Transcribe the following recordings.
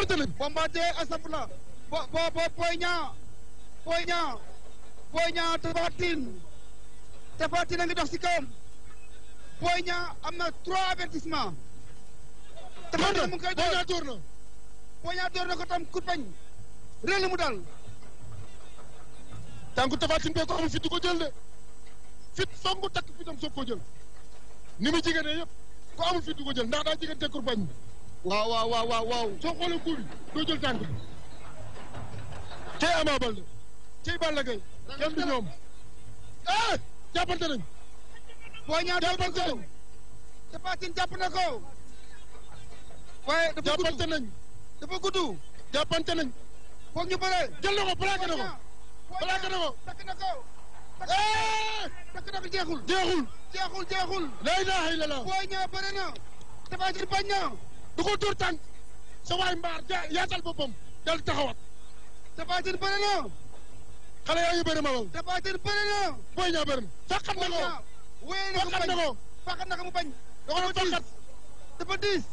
Bombardier Bombardier astagfirullah. Bo bo bo poinnya. Poinnya. Poinnya Tafatin. Tafatin ngi dox trois avertissement. Tafatin mu koy Poinnya door na. Poinnya door na ko tam coup fit ko jël Fit songu tak fitam sokko jël. Ni mi nada yépp ko waaw waaw waaw waaw waaw soo xoolee kur yi doo jël tànk bi cey Ama Baldé cey Balla Gaye kenn du ñoom boo eh, ñaar jàppante nañ tapatin jàpp na ko waaye dafa gudd ñu bëree jël na ko plaqué na ko plaqué na ko takk na ko eh! na ko jeexul jeexul jeexul jeexul la ilaha illallah boo ñaar bëri na tapatin bañ na du ko dóor tànk sa waay mbaar ja yaatal boppam dal taxawat. Tapha Tine bëri xale yaa ngi ma lool. Tapha Tine bëri Boy Niang bëri faqat na ko faqat faqat na mu bañ. da faqat. dafa diis.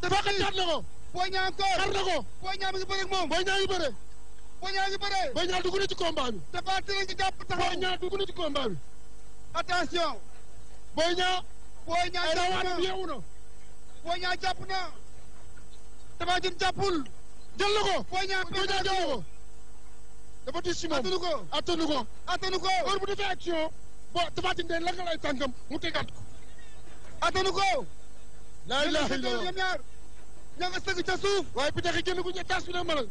dafa diis faqat na ko. Boy Niang encore. xar na Boy ak Boy Boy Boy ci combat bi. taxaw. Boy ci combat bi. attention. Boy Niang. Boy Niang Boy Niang jàpp na Tapha Tine jàppul. jël na ko Boy Niang jël na ko. dafa tiis si moom attanu ko attanu ko. attanu ko heure bu defee action bo Tapha Tine day langal ay tànkam mu tegaat ko. attanu ko. ña nga sëgg ca suuf. waaye pitax yi génn guñ ca taas bi malal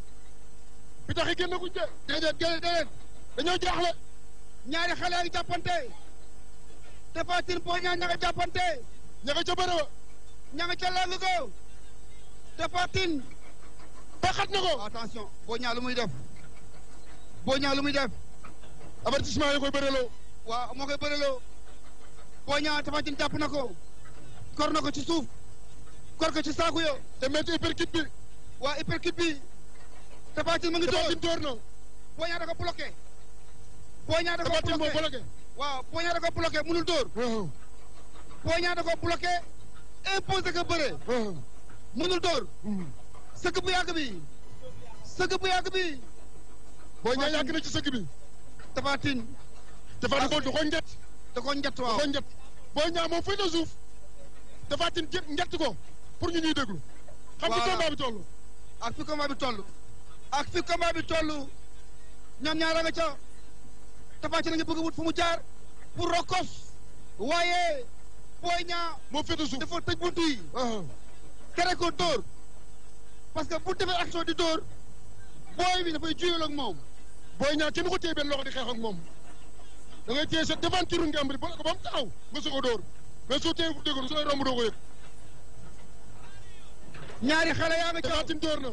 pitax yi génn guñ ca. déedéet déedéet dañoo jaaxle. ñaari xale yi jàppante Tapha Tine Boy Niang ña jàppante. ña ca bëre ña nga ca lang ko Tapha na ko attention boo ñaa lu muy def boo ñaa lu muy def avertissement yi koy bëreloo waaw moo koy bëreloo boo ñaa Tapha Tine na ko kor na ko ci suuf kor ko ci saaku yo te métti uppercut bi waa uppercut bi Tapha Tine ma ngi door na boo da ko bloqué boo da ko bloqué waaw oh. boo da ko bloqué imposé que bëre. mënul door. sëgg bu yàgg bi. sëgg bu yàgg bi. ñaa yàgg na ci sëgg bi. tafaatin. tafaatin du ko njët. da ko njët waaw da ko njët. boo ñaa moom fay na suuf. tafaatin njët ko pour ñu ñuy déglu. xam nga combat bi toll. ak fi combat bi toll. ak fi combat bi toll ñoom ñaara nga ca a wut fu mu jaar pour rokos waaye. Boy Niang moo féete suuf dafa tëj buntu yi ah. tere ko dóor parce que bu defee action di dóor booy bi dafay juyal ak moom Boy Niang kenn ko téye benn loxo di xeex ak moom da ngay téye sa devanture nga am ba ko ba mu taxaw nga soog a dóor mais soo téye bu déggoon soo romb doo ko ñaari xale yaa nga Tapha Tine na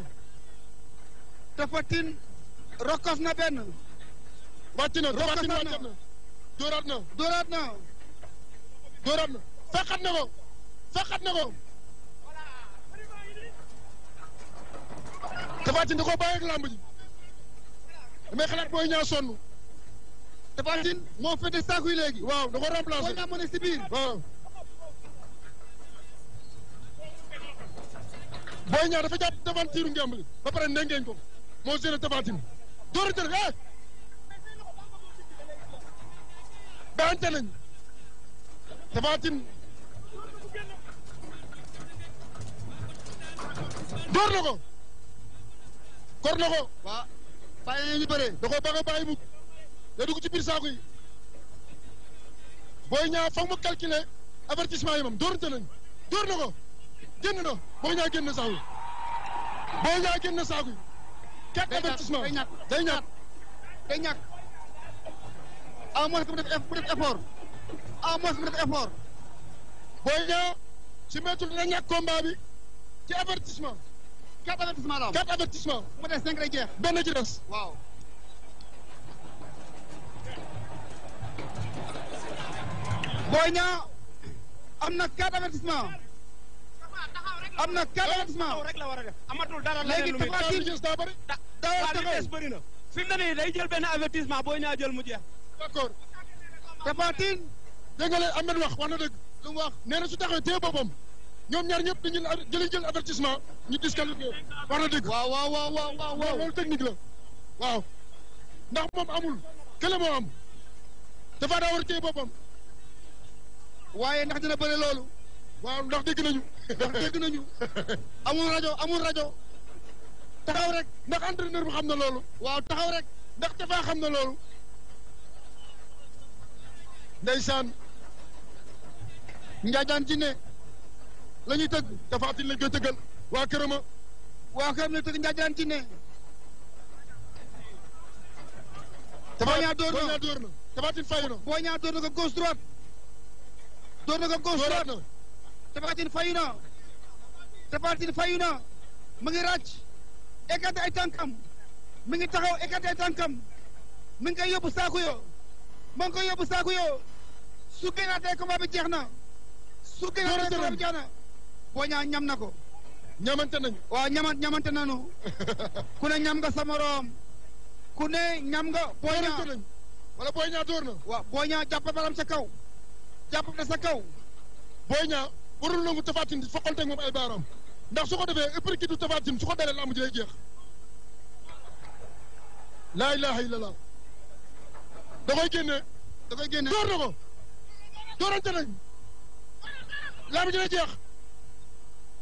Tapha Tine rokkos na benn wàcc na rokkos na dóoraat faqat na ko faqat na ko Tapha Tine da koo bàyyi ak làmb ji damay xalaat booy ñaa sonn Tapha Tine moo féete yi léegi waaw da ko remplacé booy moo nekk si biir waaw booy ñaa dafa jàpp devantiru ngemb li ba pare ndengeeñ ko moo géré Tapha Tine door a jël eh daante nañ door na ko. kor na ko. waaw bàyyi na ñu bëree. da koo da dugg ci biir saako yi. booy ñaa foog mu calculer avertissement yi moom dóorante nañu. door na ko génn booy ñaa génn na saako yi. booy ñaa génn na saako yi. quatre day ñàkk day ñàkk day ñàkk. à mu def effort à moins que mu def effort. Boy Niang su méttul dina ñàkk combat bi ci avertissement. quatre nga la ci des. waaw. Boy Niang am na quatre am na quatre avertissement. rek la war a def amatul daa bëri. daa des bëri na. fi mu ne nii day jël benn avertissement Boy jeex. d'accord. Tapha Tine. dégg nga leen lu mu wax nee na su taxawee téye boppam ñoom ñaar ñëpp dañuy jëli jël avertissement ñu disqualifié war na dëgg. waaw waaw waaw waaw waaw loolu technique la waaw ndax moom amul kële am dafa daa war boppam. waaye ndax dina bëre loolu. waaw ndax dégg nañu. ndax dégg nañu amul rajo amul rajo taxaw rek ndax entraîneur bi xam na loolu. waaw taxaw rek ndax dafaa xam na loolu. ndeysaan. Njaajaan jinne la ñuy tëgg dafa atin tëggal waa kërama waa këram la tëgg Njaajaan jinne Tapha Niang door na door droite door na ko droite Tapha Tine fayu na mu ngi ràcc écarté ay tànkam mi ngi taxaw écarté ay tànkam mi ngi koy yóbbu saaku yo moo ngi koy yóbbu saaku yo su génnaatee combat bi jeex na su gënee dërëm jaana boo ñaa ñam na ko ñamante nañu waaw ñama ñamante nañu ku ne ñam nga sa morom ku ne ñam nga boo ñaa wala boo ñaa dóor na waaw boo ñaa jàpp baram sa kaw jàpp na sa kaw boo ñaa warul nangu tafaatin di foqante ak moom ay baaraam ndax su ko defee ëppri ki du tafaatin su ko dalee làmb ji lay jeex laa ilaha illallah da koy génne da koy génne dóor na ko dóorante nañ laa ma dina jeex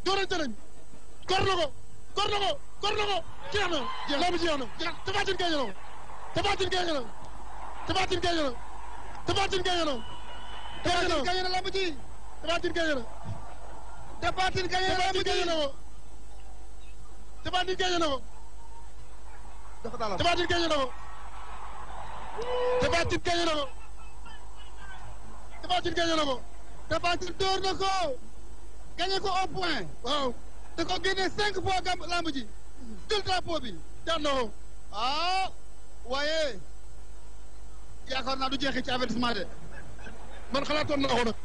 doorante nañ gor na ko gor na ko gor na ko jeex na laa ma jeex na Tapha Tine na Tapha Tine na Tapha Tine na Tapha ji Tapha na Tapha Tine na laa ma ji na ko Tapha Tine na ko Tapha Tine na ko Tapha Tine door na ko au point waaw da ko génne cinq fois gam lamb ji jël drapeau bi daan na ah, waaye yaakaar naa du jeexee ci avertissement de man xalaatoon naa nag